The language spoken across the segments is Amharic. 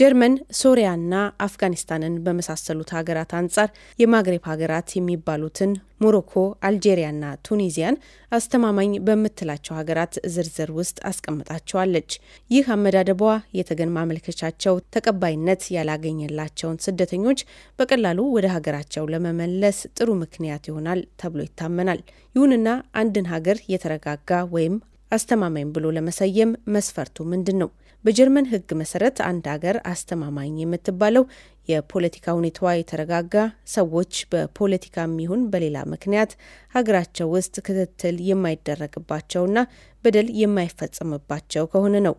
ጀርመን ሶሪያና አፍጋኒስታንን በመሳሰሉት ሀገራት አንጻር የማግሬብ ሀገራት የሚባሉትን ሞሮኮ፣ አልጄሪያና ቱኒዚያን አስተማማኝ በምትላቸው ሀገራት ዝርዝር ውስጥ አስቀምጣቸዋለች። ይህ አመዳደቧ የተገን ማመልከቻቸው ተቀባይነት ያላገኘላቸውን ስደተኞች በቀላሉ ወደ ሀገራቸው ለመመለስ ጥሩ ምክንያት ይሆናል ተብሎ ይታመናል። ይሁንና አንድን ሀገር የተረጋጋ ወይም አስተማማኝ ብሎ ለመሰየም መስፈርቱ ምንድን ነው? በጀርመን ሕግ መሰረት አንድ ሀገር አስተማማኝ የምትባለው የፖለቲካ ሁኔታዋ የተረጋጋ ሰዎች በፖለቲካም ይሁን በሌላ ምክንያት ሀገራቸው ውስጥ ክትትል የማይደረግባቸውና በደል የማይፈጸምባቸው ከሆነ ነው።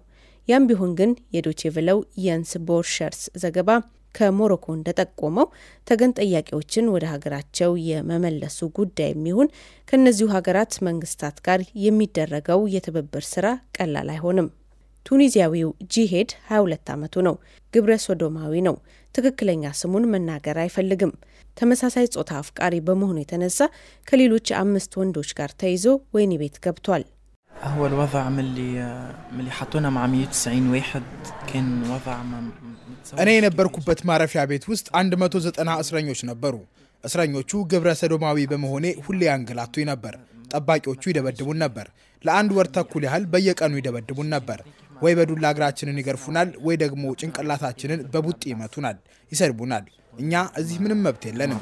ያም ቢሆን ግን የዶቼቬለው የንስ ቦርሸርስ ዘገባ ከሞሮኮ እንደጠቆመው ተገን ጠያቂዎችን ወደ ሀገራቸው የመመለሱ ጉዳይ የሚሆን ከእነዚሁ ሀገራት መንግስታት ጋር የሚደረገው የትብብር ስራ ቀላል አይሆንም። ቱኒዚያዊው ጂሄድ 22 ዓመቱ ነው። ግብረ ሶዶማዊ ነው። ትክክለኛ ስሙን መናገር አይፈልግም። ተመሳሳይ ጾታ አፍቃሪ በመሆኑ የተነሳ ከሌሎች አምስት ወንዶች ጋር ተይዞ ወህኒ ቤት ገብቷል። እኔ የነበርኩበት ማረፊያ ቤት ውስጥ 190 እስረኞች ነበሩ። እስረኞቹ ግብረ ሰዶማዊ በመሆኔ ሁሌ ያንገላቱኝ ነበር። ጠባቂዎቹ ይደበድቡን ነበር። ለአንድ ወር ተኩል ያህል በየቀኑ ይደበድቡን ነበር። ወይ በዱላ እግራችንን ይገርፉናል፣ ወይ ደግሞ ጭንቅላታችንን በቡጥ ይመቱናል፣ ይሰድቡናል። እኛ እዚህ ምንም መብት የለንም።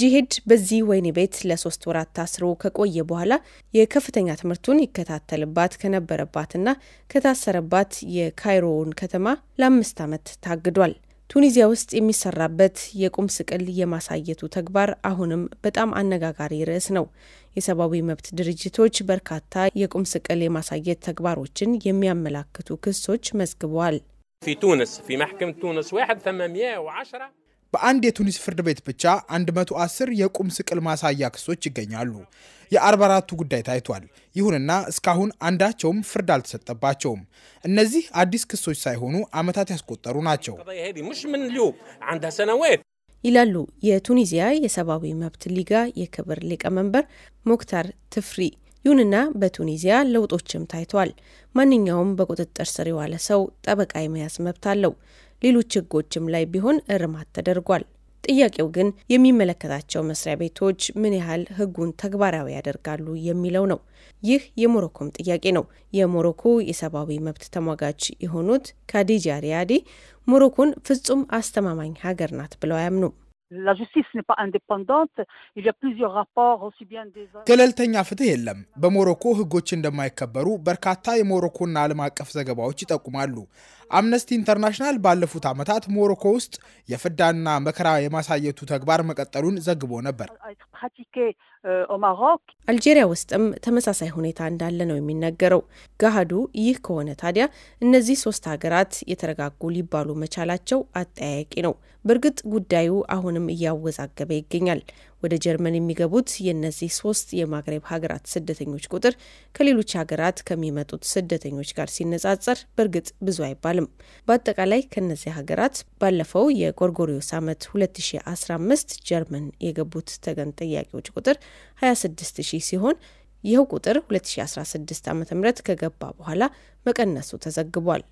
ጂሄድ በዚህ ወህኒ ቤት ለሶስት ወራት ታስሮ ከቆየ በኋላ የከፍተኛ ትምህርቱን ይከታተልባት ከነበረባትና ከታሰረባት የካይሮውን ከተማ ለአምስት ዓመት ታግዷል። ቱኒዚያ ውስጥ የሚሰራበት የቁም ስቅል የማሳየቱ ተግባር አሁንም በጣም አነጋጋሪ ርዕስ ነው። የሰብአዊ መብት ድርጅቶች በርካታ የቁም ስቅል የማሳየት ተግባሮችን የሚያመላክቱ ክሶች መዝግበዋል። በአንድ የቱኒስ ፍርድ ቤት ብቻ 110 የቁም ስቅል ማሳያ ክሶች ይገኛሉ። የ44ቱ ጉዳይ ታይቷል። ይሁንና እስካሁን አንዳቸውም ፍርድ አልተሰጠባቸውም። እነዚህ አዲስ ክሶች ሳይሆኑ ዓመታት ያስቆጠሩ ናቸው ይላሉ የቱኒዚያ የሰብአዊ መብት ሊጋ የክብር ሊቀመንበር ሞክታር ትፍሪ። ይሁንና በቱኒዚያ ለውጦችም ታይቷል። ማንኛውም በቁጥጥር ስር የዋለ ሰው ጠበቃ የመያዝ መብት አለው። ሌሎች ሕጎችም ላይ ቢሆን እርማት ተደርጓል። ጥያቄው ግን የሚመለከታቸው መስሪያ ቤቶች ምን ያህል ህጉን ተግባራዊ ያደርጋሉ የሚለው ነው። ይህ የሞሮኮም ጥያቄ ነው። የሞሮኮ የሰብአዊ መብት ተሟጋች የሆኑት ካዲጃ ሪያዲ ሞሮኮን ፍጹም አስተማማኝ ሀገር ናት ብለው አያምኑም። la justice n'est pas indépendante. Il y a plusieurs rapports aussi bien des... ገለልተኛ ፍትህ የለም። በሞሮኮ ህጎች እንደማይከበሩ በርካታ የሞሮኮና ዓለም አቀፍ ዘገባዎች ይጠቁማሉ። አምነስቲ ኢንተርናሽናል ባለፉት ዓመታት ሞሮኮ ውስጥ የፍዳና መከራ የማሳየቱ ተግባር መቀጠሉን ዘግቦ ነበር። አልጄሪያ ውስጥም ተመሳሳይ ሁኔታ እንዳለ ነው የሚነገረው። ገሃዱ ይህ ከሆነ ታዲያ እነዚህ ሶስት ሀገራት የተረጋጉ ሊባሉ መቻላቸው አጠያያቂ ነው። በእርግጥ ጉዳዩ አሁንም እያወዛገበ ይገኛል። ወደ ጀርመን የሚገቡት የእነዚህ ሶስት የማግሬብ ሀገራት ስደተኞች ቁጥር ከሌሎች ሀገራት ከሚመጡት ስደተኞች ጋር ሲነጻጸር በእርግጥ ብዙ አይባልም። በአጠቃላይ ከእነዚህ ሀገራት ባለፈው የጎርጎሪዮስ ዓመት 2015 ጀርመን የገቡት ተገን ጠያቂዎች ቁጥር 26 ሺህ ሲሆን ይኸው ቁጥር 2016 ዓ ም ከገባ በኋላ መቀነሱ ተዘግቧል።